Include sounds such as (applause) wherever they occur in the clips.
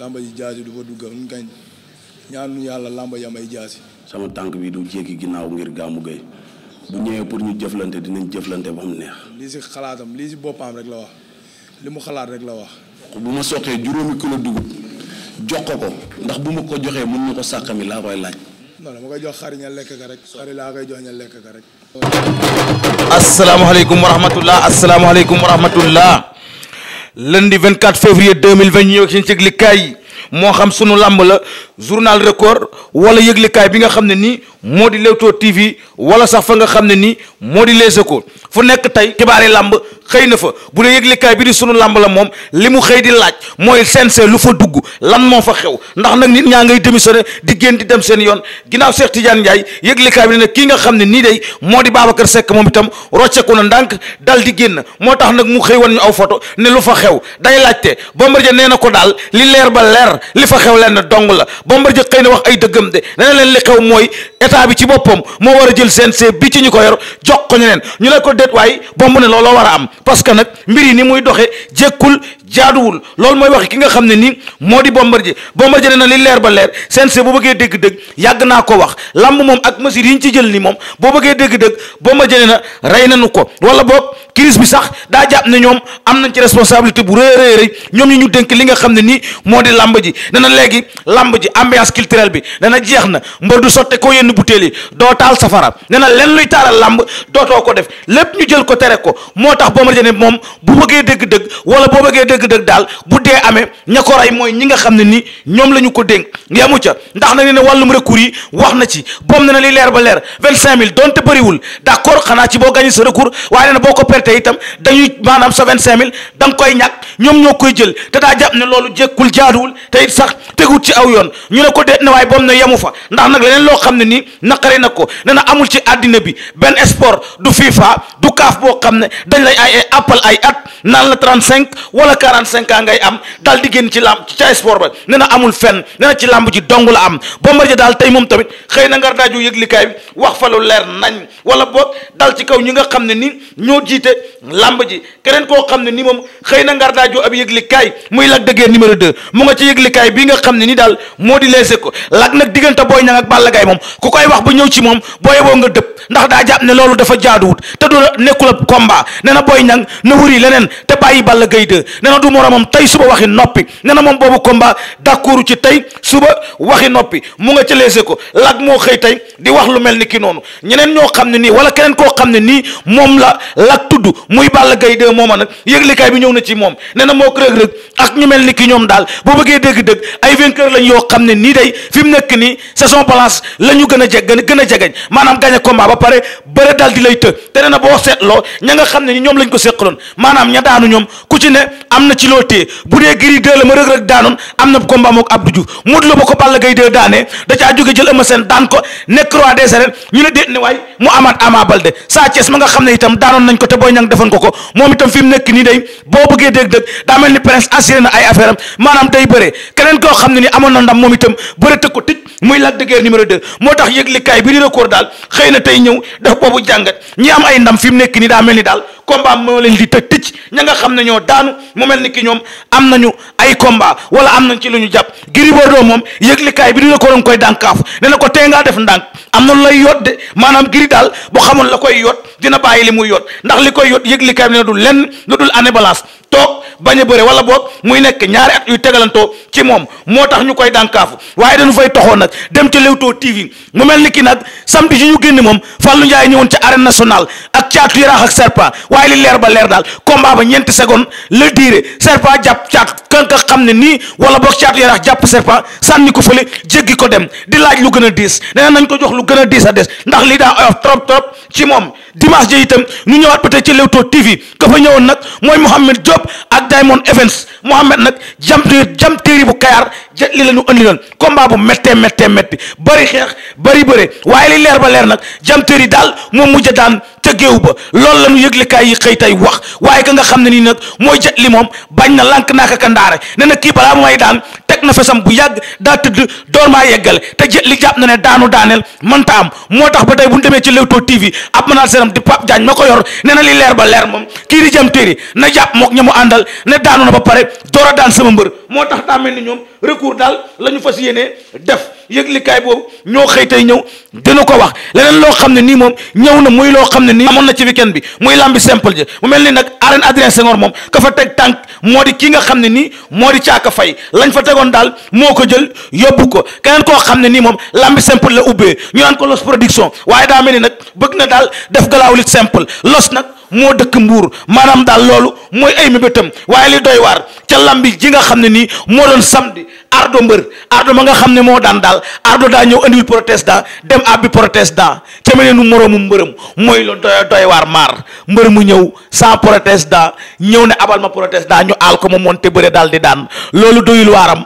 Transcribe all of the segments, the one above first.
làmba ji jaasi du fa dugga ñun kañ ñaanu yàlla làmba yi ay jaasi. sama tànk bi du jéggi ginnaaw ngir Gamou Gueye bu ñëwee pour ñu jëflante dinañ jëflante ba mu neex. lii si xalaatam lii si boppam rek la wax li mu xalaat rek la wax. bu ma soqee juróomi kilo dugub jox ko ko ndax bu ma ko joxee mën na ko sàkkami laa koy laaj. non dama koy jox xari lekk ka rek xari laa koy jox ña lekk ka rek. asalaamaaleykum wa rahmatulah asalaamaaleykum wa rahmatulah. lundi 24 février 2020 ñëw ak seen yëglikaay yi moo xam sunu làmb la journal record wala yëglekaay bi nga xam ne nii moo di Leewtoo TV wala sax fa nga xam ne nii moo di Les Échos fu nekk tey xibaari làmb xëy na fa bu dee yëglikaay bi di sunu làmb la moom li mu xëy di laaj mooy CNG lu fa dugg lan moo fa xew ndax nag nit ñaa ngay démissionné di génn di dem seen yoon ginnaaw Cheikh Tidiane Ndiaye yëglikaay bi ne kii nga xam ne nii day moo di baaba Babacar Seck moom itam rocceeku na ndànk dal di génn moo tax nag mu xëy wan ñu aw foto ne lu fa xew day laajte Bombardier nee na ko daal li leer ba leer li fa xew lenn dong la Bombardier xëy na wax ay dëggam de nee leen li xew mooy état bi ci boppam moo war a jël CNG bi ci ñu ko yor jox ko ñeneen ñu ne ko déet waaye bomb ne looloo war a am parce que nag mbir yi ni muy doxee jékkul jaaduwul loolu mooy wax ki nga xam ne nii moo di Bombardier Bombardier ne na li leer ba leer CNG boo bëggee dégg-dëgg yàgg naa ko wax lamb moom ak mesures yi ñu ci jël ni moom boo bëggee dégg-dëgg Bombardier ne na rey nañu ko wala boog crise bi sax daa jàpp ne ñoom am nañ ci responsabilité bu rëy rëy rëy ñoom ñi ñu dénk li nga xam ne nii moo di lamb ji ne na léegi lamb ji ambiance culturelle bi ne jeex na mbër du sotte yenn butéel yi doo taal ne na leen luy taaral làmb dootoo ko def lépp ñu jël ko tere ko moo tax Bombardier ne moom bu bëggee dégg-dëgg wala boo bëggee dégg dëgg-dëgg daal bu dee amee ña ko mooy ñi nga xam ne ni ñoom la ñu ko dénk yamu ca ndax na ne ne wàllum recours yi wax na ci boom na ne li leer ba leer vingt cinq mille donte bëriwul d'accord xanaa ci boo gagné sa recours waaye nee na boo ko perte itam dañuy maanaam sa vingt cinq mille da koy ñàkk ñoom ñoo koy jël te daa jàpp ne loolu jékkul jaaduwul te sax tegut ci aw yoon ñu ne ko de na waaye boom na yemu fa ndax nag leneen loo xam ne nii naqare na ko nee na amul ci àddina bi benn sport du FIFA du CAF boo xam ne dañ lay ay appal ay at naan la trente quarante cinq ans ngay am daal di génn ci làmb ca sport ba nee na amul fenn nee na ci làmb ji dong la am Bombardier daal tey moom tamit xëy na ngar daaju yëglikaay bi wax fa lu leer nañ wala boog dal ci kaw ñi nga xam ne ni ñoo jiite làmb ji keneen koo xam ne ni moom xëy na ngar daaju ab yëglikaay muy Lac de Guiers numéro deux mu nga ci yëglikaay bi nga xam ne ni daal moo di leese ko Lac nag diggante Boy Niang ak Balla Gaye moom ku koy wax bu ñëw ci moom booye boo nga dëpp ndax daa jàpp ne loolu dafa jaaduwut te du nekkul ab combat na Boy na wuri leneen te bàyyi Balla Gaye 2 du moromam tey suba waxi noppi nee na moom boobu combat d'accord ci tey suba waxi noppi mu nga ca leese ko lag moo xëy tey di wax lu mel ni ki noonu ñeneen ñoo xam ne nii wala keneen koo xam ne nii moom la lag tudd muy Balla Gaye 2 mooma nag yëglikaay bi ñëw na ci moom nee na moo Reug Reug ak ñu mel ni ki ñoom daal boo bëggee dëgg-dëgg ay vainqueur lañ yoo xam ne nii day fi mu nekk nii saison balance la ñu gën a jeg gën a jegeñ maanaam gagné combat ba pare bëre dal di lay të te nee na boo seetloo ña nga xam ne ñoom lañ ko seqaloon maanaam ña daanu ñoom ku ci ne am na ci loo téye bu dee Gris 2 la ma Reug Reug daanoon am na combat mook Abdou Diouf Modou Lo ba ko Balla Gaye 2 daanee da caa jóge jël Eumeu Sène daan ko nekk roi des arènes ñu ne déet ne waay mu amaat Ama Baldé Sa Thiès ma nga xam ne itam daanoon nañ ko te Boy Niang defoon ko ko moom itam fi mu nekk nii day boo bëggee dégg-dëgg daa mel ni prince ay affaire keneen koo xam ne ni amoon na ndam moom itam bëre tëg ko tëj muy de moo tax yëglikaay bi di record daal xëy na tey ñëw boobu jàngat ñi am ay ndam fi mu nekk nii daa mel ni daal combat moo leen di tëj tëj ña nga xam ne ñoo daanu mu mel ni ki ñoom am nañu ay combat wala am nañ ci lu ñu jàpp Gris doo moom yëglikaay bi dina ko doon koy dànkaaf ne ko tee ngaa def ndànk am na lu lay yot de maanaam Gris daal bu xamoon la koy yoot dina bàyyi li muy yot ndax li koy yoot yëglikaay bi ne du lenn lu dul année toog bañ a bëre wala boog muy nekk ñaari at yu tegalantoo ci moom moo tax ñu koy dànkaafu waaye dañu fay toxoon nag dem ci Leewtoo TV mu mel ni kii nag samedi yu ñu génn moom Fallou Ndiaye ñëwoon ca arène nationale ak caatu yaraax ak serpa waaye li leer ba leer daal combat ba ñeenti seconde la diire serpa jàpp caat kanka xam ne nii wala boog caatu yaraax jàpp serpa sànni ko fële jéggi ko dem di laaj lu gën a diis nee nañ ko jox lu gën a diis a des ndax lii daa oyof trop ci moom dimanche ji itam nu ñëwaat peut-être ci Leewtoo TV ka ñëwoon nag mooy Mouhamed Diop ak Diamond Evans Mouhamed nag jam jam téeri bu Kayar jet li la ñu andi loon combat bu méttee méttee métti bëri xeex bari bëre waaye li leer ba leer nag jamteer yi daal moom mujj daan ca géew ba loolu la ñu yëglekaay yi xëy tey wax waaye ka nga xam ne nii nag mooy jet li moom bañ na lànk naa ko kandaare ne na kii balaa may daan teg na fesam bu yàgg daa tëdd door maa yeggale te jet li jàpp na ne daanu daaneel manta am moo tax ba tey bu ñu demee ci Leewtoo TV ab mënaat seeram di Pape Diagne ma ko yor ne na li leer ba leer moom kii di yi na jàpp mook ña mu àndal ne daanu na ba pare door a daan sama mbër moo tax daa mel ni recours daal la ñu fas yéenee def yëglikaay boobu ñoo xëy tey ñëw dina ko wax leneen loo xam ne nii moom ñëw na muy loo xam ne nii amoon na ci weekend bi muy lambi simple ji mu mel ni nag arène Adrien Senghor moom ka fa teg tànk moo di ki nga xam ne nii moo di caaka fay lañ fa tegoon daal moo ko jël yóbbu ko keneen koo xam ne nii moom lambi simple la ubbee ñu naan ko los production waaye daa mel ni nag bëgg na daal def galaaw lit simple los nag moo dëkk mbuur maanaam daal loolu mooy ay mébétam waaye li doy waar ca lambi ji nga xam ne nii moo doon samedi ardo mbër ardo ma nga xam ne moo daan daal ardo daa ñëw andiwul protestant dem abbi protestant ca meleenu moroomu mbërëm mooy lu doy doy waar maar mbër mu ñëw sans protestant ñëw ne abal ma protestant ñu aal ko mu monte bëre daal di daan loolu doyul waaram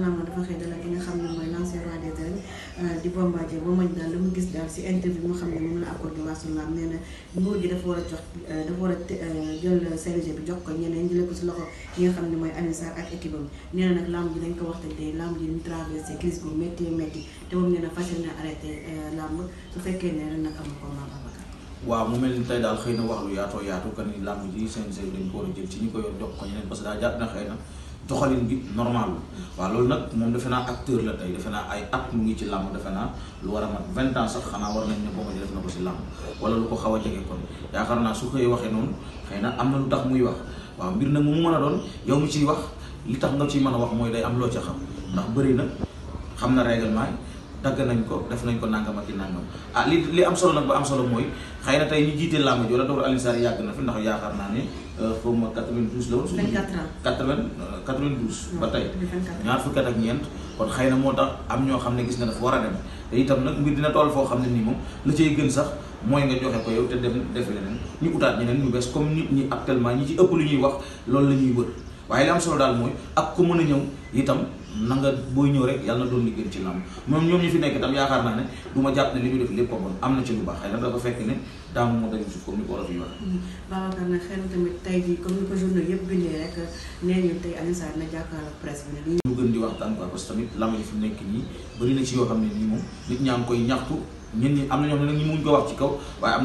naa ma dafa xëy dala ki nga xam ne mooy lancé roi des arènes euh, di Bombardier ba maj daal la gis daal si interview moo xam ne moom la accordé waa sunu war a jox euh, dafa a euh, jël CNG bi jox ko ñeneen jëlee ko si xam ne mooy Alioune na ji dañ ko waxtaan tey lamb ji ñu traversé crise bu métti métti te moom nee na fas yéene su fekkee ne ren nag amul combat Babacar waaw mu mel ni tey daal xëy na wax lu yaatoo yaatu que ni lamb ji CNG bi dañ ko a jël ci ñi ko yor jox ko ñeneen parce que daa jàpp na xëy na doxalin bi normal la waaw loolu nag moom defe naa acteur la tey defe naa ay at mu ngi ci làmb defe naa lu war a mat vingt ans sax xanaa war nañ ne ko si làmb wala lu xaw a jege kon yaakaar naa su xëyee waxee noonu xëy na am na lu tax muy wax waaw mbir nag mu mën a doon yow mi ciy wax li tax nga ciy mën a wax mooy day am loo ca xam ndax bëri na xam na règlement dagg nañ ko def nañ ko nangam ak i nangam ah li li am solo nag ba am solo mooy xay na tey ñu jiite làmb ji wala dooru Alioune yàgg na fi ndax yaakaar naa ne xaw euh, ma 92 la woon. 24 ans 80 92. Euh, ba tey ñaar fukki at ak ñeent. kon xëy na moo tax am ñoo xam ne gis na dafa war a dem te itam nag mbir dina toll foo xam ne nii moom la cay gën sax mooy nga dem defe leneen ñu utaat ñeneen ñu bees comme nit ñi actuellement ñi ci ëpp lu ñuy wax loolu la ñuy wër waaye li am solo daal mooy ak ku mën a ñëw itam. na nga booy ñëw rek yàlla na doon liggéey ci lamb moom ñoom ñu fi nekk itam yaakaar naa ne du ma jàpp ne li muy def lépp ko bon am na ci lu baax xëy na dafa fekk ne daamu a mm-hmm. nag nee nañu tey Alioune Sarr moom nit ne am na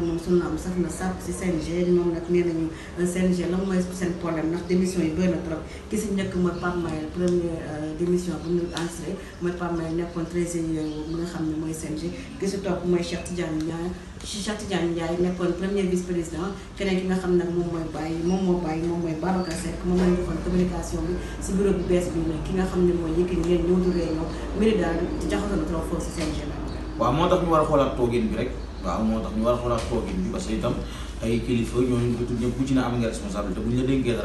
na sàpp si CNG moom nag nee nañu CNG lan foofu seen problème ndax démission yi bëri na trop ki si njëkk mooy Pape Mayel premier euh, démission bu ñu enregistré mooy Pape Mayel nekkoon trésorier mu nga xam ne mooy seen ki si topp mooy Cheikh Tidiane Ndiaye Cheikh Tidiane Ndiaye nekkoon premier vice président keneen ki nga xam ne moom mooy bàyyi moom moo bàyyi moom mooy Babacar bi si bureau bu bees bi nag ki nga xam ne mooy Yékini leen ñëw daal jaxasoon trop foofu si CNG la moo tax ñu war a xoolaat toogin bi rek waaw moo tax ñu war a xoolaat bi parce que itam ay kilifa ñooñu ko am nga responsabilité bu ñu la dénkee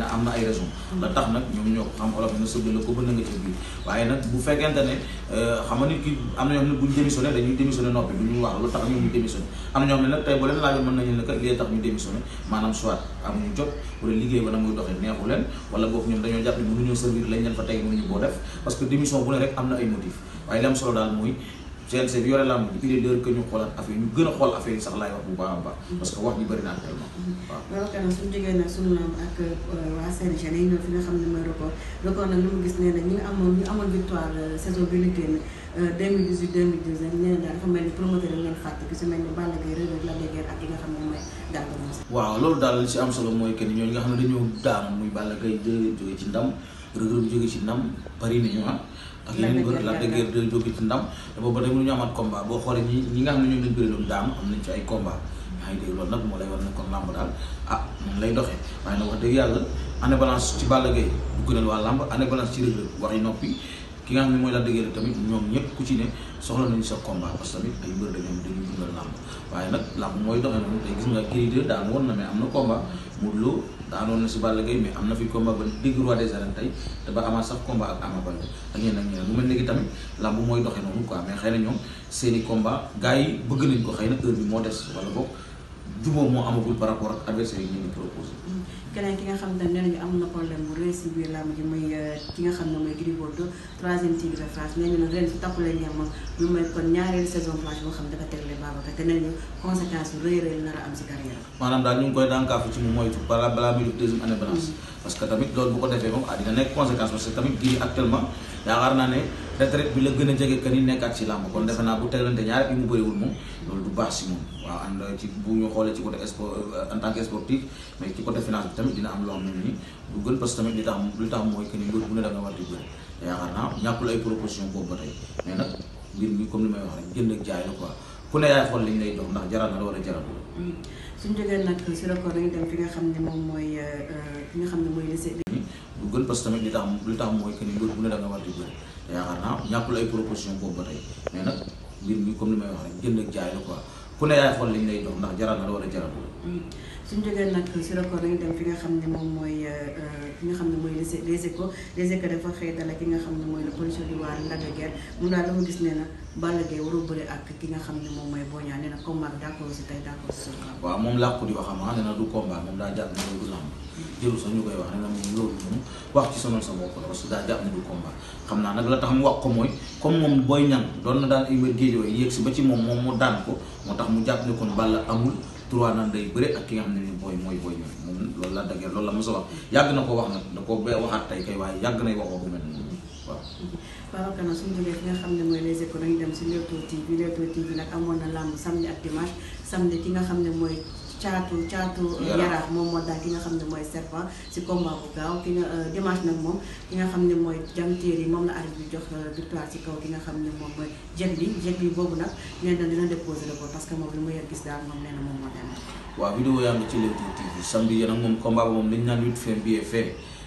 na am na ay raison la tax nag ñoom ñoo xam ko nga ci biir waaye nag bu fekkente ne euh, nga nit ki am na ñoo xam ne bu ñu démissionné dañuy démissionné noppi du ñu wax lu tax ñoom ñu démissionné am na ñoo xam ne nag tey bu leen laajoon mën nañu ne kat lii tax ñu démissionné maanaam soit amuñu jot wala liggéey ba na muy doxee neexu leen wala boobu ñoom dañoo jàpp ne mënuñoo servir lañ leen fa tey mënuñu koo def parce que démission bu ne rek am na ay motif waaye li solo CNC bi yore làmb bi il est l'heure que ñu xoolaat affaire ñu gën a xool affaire yi sax laay wax bu baax a baax mhm. parce que wax ji bëri na actuellement waaw waxtaan mhm. suñu jógee nag suñu làmb ak euh, waa nga xam ne mooy record record nag lu mu gis nee na ñu amoon ñu amoon victoire euh, saison bi ñu génn 2018 euh, 2019 nee na daal dafa mel ni promoteur yi ngeen waaw loolu daal li si am solo mooy que ni ñooñu nga xam ne dañoo daanu muy Balla Gaye jógee ci ndam rëg-rëg jóge ci ndam bari ñu ah ak yeneen la dëggeer de jóge ci ndam te boobu ba tey ñu amaat boo xoolee ñi ñi nga xam ne ñoom daam am na ci ay combat yaa ngi dégg loolu nag moo lay war ne kon làmb daal ah moom lay doxee waaye nag wax dëgg yàlla année balance ci Balla Gaye du gënal waa làmb année balance ci rëg-rëg wax yi noppi ki nga xam ne mooy la dëggeer tamit ñoom ñëpp ku ci ne soxla nañu sa combat parce que tamit ay mbër dañoo dañuy dundal làmb waaye nag làmb mooy doxee noonu tey gis nga Gris 2 daan woon na mais am na combat Modou Lo daanoon na si Balla Gaye mais am na fi combat ba digg roi des arènes tey te ba amaat sax combat ak Ama Baldé ak ñeneen ak ñeneen mu mel léegi tamit làmb mooy doxee noonu quoi mais xëy na ñoom seen i combat gars yi bëgg nañ ko xëy na heure bi moo des wala boog jubóo moo amagul par rapport ak adversaire yi ñu ngi keneen ki nga xam ne nee nañu am na problème bu rëy si biir làmb ji muy euh, ki nga xam ne mooy Gris Bordeaux troisième tigre de France nee nañu ren si takku la ngeen moom lu may kon ñaareelu saison blanche boo ne dafa tegle Babacar nar a am si carrière maanaam daal ñu ngi koy dànkaafu ci mu moytu balaa balaa muy def deuxième année mm. parce que tamit loolu bu ko defee moom ah dina conséquence parce que tamit Gris actuellement. yaakaar naa ne retraite bi la gën a jege que ni nekkaat si làmb kon defe naa bu teglante ñaar bi mu bëriwul moom loolu du baax si moom waaw ànd ci bu ñu xoolee ci côté sport en tant que sportif mais ci côté finance bi tamit dina am loo xam ne ni du gën parce que tamit li tax li tax mooy que ni mbir bu ne da nga war di ay proposition boobu ba tey mais nag mbir mi comme li may wax rek jënd ak jaay la quoi ku ne yaay xool liñ lay jox ndax jaral na la wala jaralul hmm. suñ jógee nag fi nga xam lu gën parce que tamit li tax li tax mooy que ni mbër bu ne da nga war di bëri te yaakaar naa ñàkkul ay proposition boobu ba tey mais nag mbir mi comme li may wax a jaral hmm. suñu jógee nag nga xam ne moom mooy euh, euh, fi nga xam ne mooy dafa xëy dala ki nga xam ne mooy le policier du waar Lac de Guiers mu daal dama gis ne na Balla Gaye warul bëri ak ki nga xam ne moom mooy boña combat bi d'accord si waaw moom laa ko di wax xam ne na du combat moom daa jàpp na du lamb jëru sax ñu koy wax ne la moom loolu moom wax ci sonal sa bopp la parce que daa jàpp ne du combat xam naa nag la tax mu wax ko mooy comme moom booy ñan doon na daan géej way yéeg si ba ci moom moom mu daan ko moo tax mu jàpp ne kon balla amul trois nan day bëre ak ki nga xam ne ni booy mooy booy ñan moom loolu la dëgg loolu la mos a wax yàgg na ko wax nag da ko ba waxaat yàgg nay waxoo ko mel Babacar nag suñu jógee fi nga xam ne mooy les écoles dañu dem si Leewtoo TV Leewtoo TV nag amoon na làmb samedi ak dimanche samedi ki nga xam ne mooy caatu caatu yaraax moom moo daal ki nga xam ne mooy serpent si combat bu gaaw ki nga euh, dimanche moom ki nga xam ne mooy jamtéer yi moom la arbitre bi jox euh, victoire si ki nga xam ne moom mooy jet bi jet bi boobu nag nee na dina déposé le ko parce que moom lu ma yor gis daal moom nee na moom moo demee waaw vidéo yaa ngi ci Leewtoo TV samedi yéen ak moom combat moom lañ naan lutte fin bi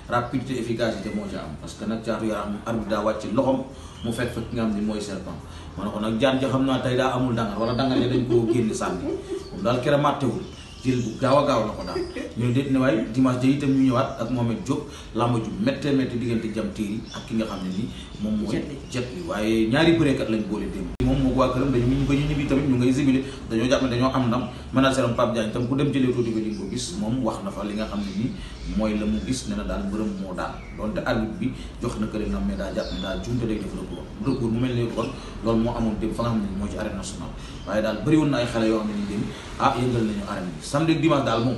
rapidité efficacité moo ca am parce nag caatu yaram arbitre daa wàcc loxom mu fekk fa ki nga xam ni mooy serpent ma ne ko nag jaan ja xam naa tey daa amul dangar wala dangar ja dañ koo génn sànni moom daal kere jël bu gaaw a gaaw la ko daan ñu ne ne waaye dimanche de itam ñu ñëwaat ak Mohamed Diop làmb diggante jam téeri ak ki nga xam ne ni moom mooy jet bi waaye ñaari bëreekat lañ boole démb moom moo ko waa këram dañu ñu ko ñu ñibbi tamit gis na li nga xam ne ni mooy la na daal mbërëm moo daal donte arbitre bi na këri ndam mais daa jàpp ne daal jumte day def recours recours mu moo amoon démb fa nga xam ne ni moo ci arène nationale waaye daal bëri na ay xale yoo xam ne ni démb ah yëngal nañu arène bi samedi dimanche daal moom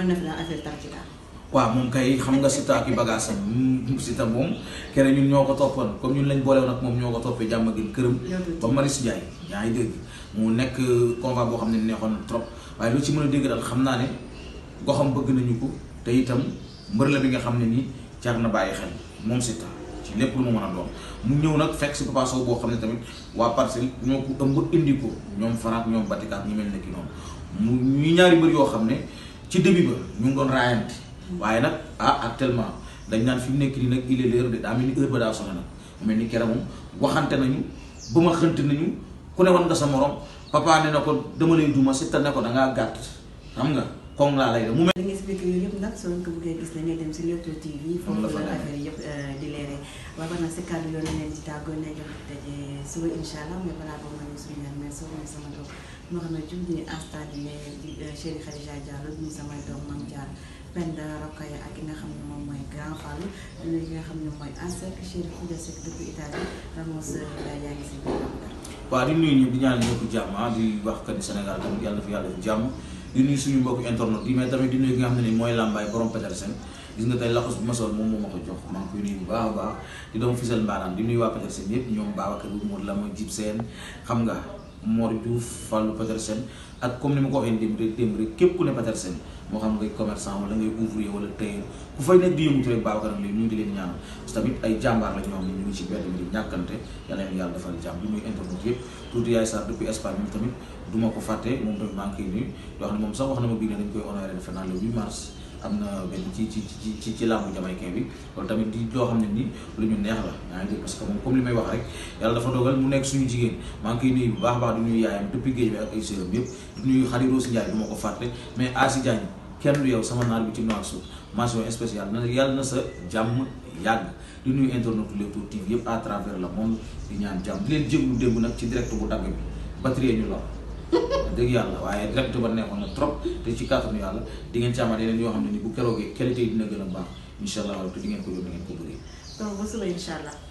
mën na fi daal affaire Takida. Ah. waaw moom kay xam nga si taaki bagage am si tam mm, moom kere ñoo ko toppoon comme ñun lañ boole woon moom ñoo ko toppee jàmm gi këram. ba Marius Ndiaye yaa ngi dégg mu nekk euh, combat boo xam ne neexoon trop waaye lu ci mën a dégg xam naa ne goxam bëgg nañu ko te itam mbër la bi nga xam ne nii jar na bàyyi xel moom si taa ci lépp lu mu mën a doon mu ñëw nag fekk si Papa boo xam ne tamit waa Parcelles ñoo ko ëmb indi ko ñoom Faraak ñoom Batikaat ñu mel ne ki noonu mu ñuy ñaari mbër yoo xam ne. ci début ba ñu ngi doon raayante waaye nag ah actuellement dañ naan fi mu nekk nii nag il est l'heure de daa mel ni heure ba daa soxla nag mel ni keroog moom waxante nañu ba ma xënt nañu ku ne wan nga sa morom papa ne na ko dama lay duma si te ko da ngaa gàtt xam nga. comme laa lay def mu mel. li nga expliqué yooyu yëpp nag soo ko bëggee gis la ngay dem si Leewtoo TV. foofu la affaire yëpp di leere waaye war naa si kàddu yoon na leen di tàggoo ne jox daje suba incha allah mais balaa boo ma ne suñu ñaan mais soo mooy sama doom Mouhamed Diouf ñu instant di ne di chérie Khadija Diallo ñu sama doom Mame Diallo Penda Rokhaya ak ki nga xam ne moom mooy Grand Fall li nga xam ne mooy Ansek chérie Khoudia Seck depuis Italie Ramos yaa ngi si biir. waaw di nuyu ñëpp di ñaan ñëpp jàmm di wax que ni Sénégal yàlla fi yàlla fi jàmm. di suñu mbokku internet yi mais tamit di nuyu ki nga xam ne ni mooy Lambaye borom Petersen gis nga tey laxos bu ma sol moom moo ma ko jox maa ngi koy nuyu bu baax a baax di doom fisal mbaaraan di nuyu waa Petersen yëpp ñoom Babacar bu Mour la ma jib seen xam nga Mor Diouf Fallou Petersen ak comme ni ma ko waxee démb rek démb rek képp ku ne Petersen moo xam ngay commerçant wala ngay ouvrier wala tailleur ku fay nekk di yëngutu rek Babacar ak léegi ñu ngi di leen ñaanal parce que tamit ay jàmbaar ñu ngi ci benn bi di ñàkkante yàlla na yàlla defal jàmm bi muy internet yëpp tuuti yaay Sarr depuis Espagne moom tamit du ma ko fàtte moom tamit maa ngi koy nuyu yoo xam ne moom sax wax na ma bii ne dañ koy honoré defe naa le 8 mars am na benn ci ci ci ci ci làmbu jamaïcain bi loolu tamit di loo xam ne ni lu ñu neex la yaa ngi parce que moom comme li may wax rek yàlla dafa dogal mu nekk suñu jigéen maa ngi koy bu baax baax du ñuy yaayam depuis géej bi ak ay séeram yëpp du ñuy xarit Rose Ndiaye du ma ko fàtte mais Asi Diagne kenn du yow sama naar bi ci noor suuf mention spéciale yàlla na sa jàmm yàgg di nuyu internet Leewtoo TV yëpp à travers le monde di ñaan jàmm di leen jéglu démb nag ci direct bu dagg bi batterie ñu (laughs) dëgg yàlla waaye direct ba neexoon na trop te ci kàttanu yàlla di ngeen ci amaat yeneen yoo xam ne ni bu keroogee qualité dina gën a baax incha allah te di ko yóbbu di ko bëri. donc ba suba